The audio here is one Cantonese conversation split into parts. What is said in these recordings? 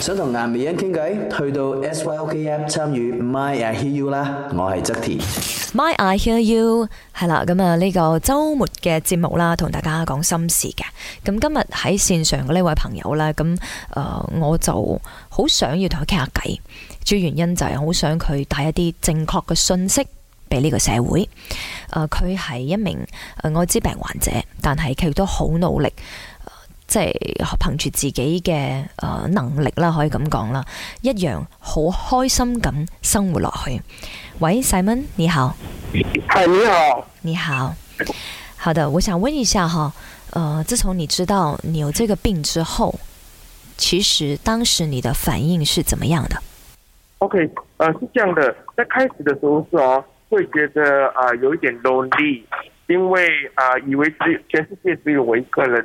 想同難名人傾偈，去到 SYOKM 參與 My I Hear You 啦，我係側田。My I Hear You 係啦，咁啊呢個周末嘅節目啦，同大家講心事嘅。咁今日喺綫上嘅呢位朋友啦，咁誒、呃，我就好想要同佢傾下偈。主要原因就係好想佢帶一啲正確嘅信息俾呢個社會。誒、呃，佢係一名誒愛滋病患者，但係佢都好努力。即係憑住自己嘅誒、呃、能力啦，可以咁講啦，一樣好開心咁生活落去。喂，Simon，你好，嗨，你好，你好，好的，我想問一下哈，誒、呃，自從你知道你有這個病之後，其實當時你的反應是怎麼樣的？OK，誒，是這樣的，在開始的時候是哦，會覺得啊、呃、有一點 lonely，因為啊、呃、以為只全世界只有我一個人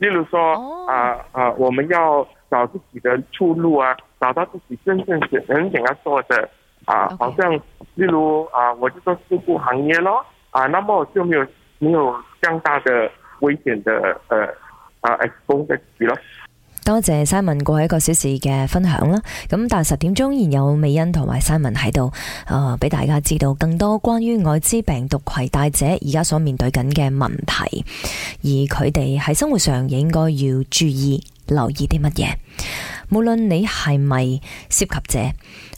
例如說，oh. 啊啊，我們要找自己的出路啊，找到自己真正想能點樣做的啊，好像例如啊，我就做事故行業咯，啊，那麼我就沒有沒有更大的危險的，呃，啊，風險咯。多謝 Simon 過去一個小時嘅分享啦，咁但係十點鐘仍然有美恩同埋 Simon 喺度，啊，俾大家知道更多關於愛滋病毒攜帶者而家所面對緊嘅問題。而佢哋喺生活上亦應該要注意留意啲乜嘢？無論你係咪涉及者，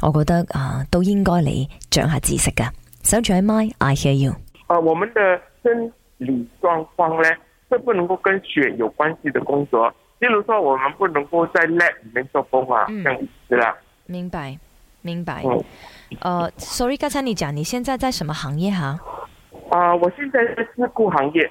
我覺得啊都應該你掌下知識噶。收住喺麥，I hear you。啊，我們的生理狀況呢，都不能夠跟血有關係的工作，例如說，我們不能夠在 lab 裏面做工啊，嗯、這樣子啦。明白，明白。呃、嗯 uh,，sorry，剛才你講你現在在什麼行業哈？啊，我現在係事故行業。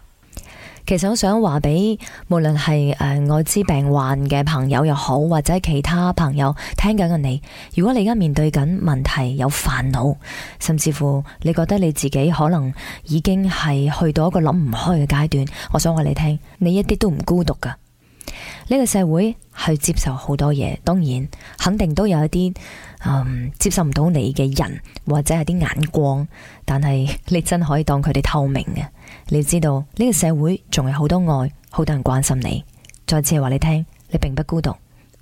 其實我想話俾無論係誒、呃、愛滋病患嘅朋友又好，或者其他朋友聽緊嘅你，如果你而家面對緊問題，有煩惱，甚至乎你覺得你自己可能已經係去到一個諗唔開嘅階段，我想話你聽，你一啲都唔孤獨噶。呢、呢個社會係接受好多嘢，當然肯定都有一啲、嗯、接受唔到你嘅人或者係啲眼光，但係你真可以當佢哋透明嘅。你要知道呢個社會仲有好多愛，好多人關心你。再次係話你聽，你並不孤獨。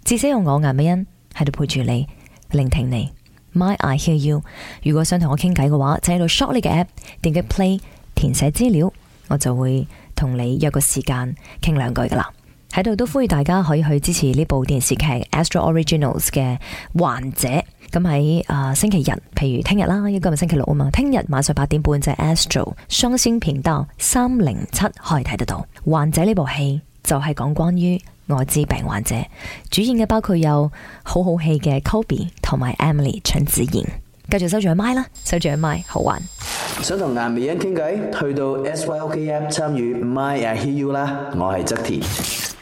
至少有我顏美欣喺度陪住你，聆聽你。My I hear you？如果想同我傾偈嘅話，就喺度 shop 你嘅 app 點擊 play，填寫資料，我就會同你約個時間傾兩句噶啦。喺度都呼籲大家可以去支持呢部電視劇的《Astro Originals》嘅患者。咁喺啊星期日，譬如聽日啦，應該今日星期六啊嘛。聽日晚上八點半就係、是、Astro 雙星頻道三零七可以睇得到。患者呢部戲就係講關於艾滋病患者，主演嘅包括有好好戲嘅 Kobe 同埋 Emily 陳子賢。繼續收住耳麥啦，收住耳麥，好玩。想同顏美欣傾偈，去到 SYOK、OK、App 參與 My I、ah、Hear You 啦，我係側田。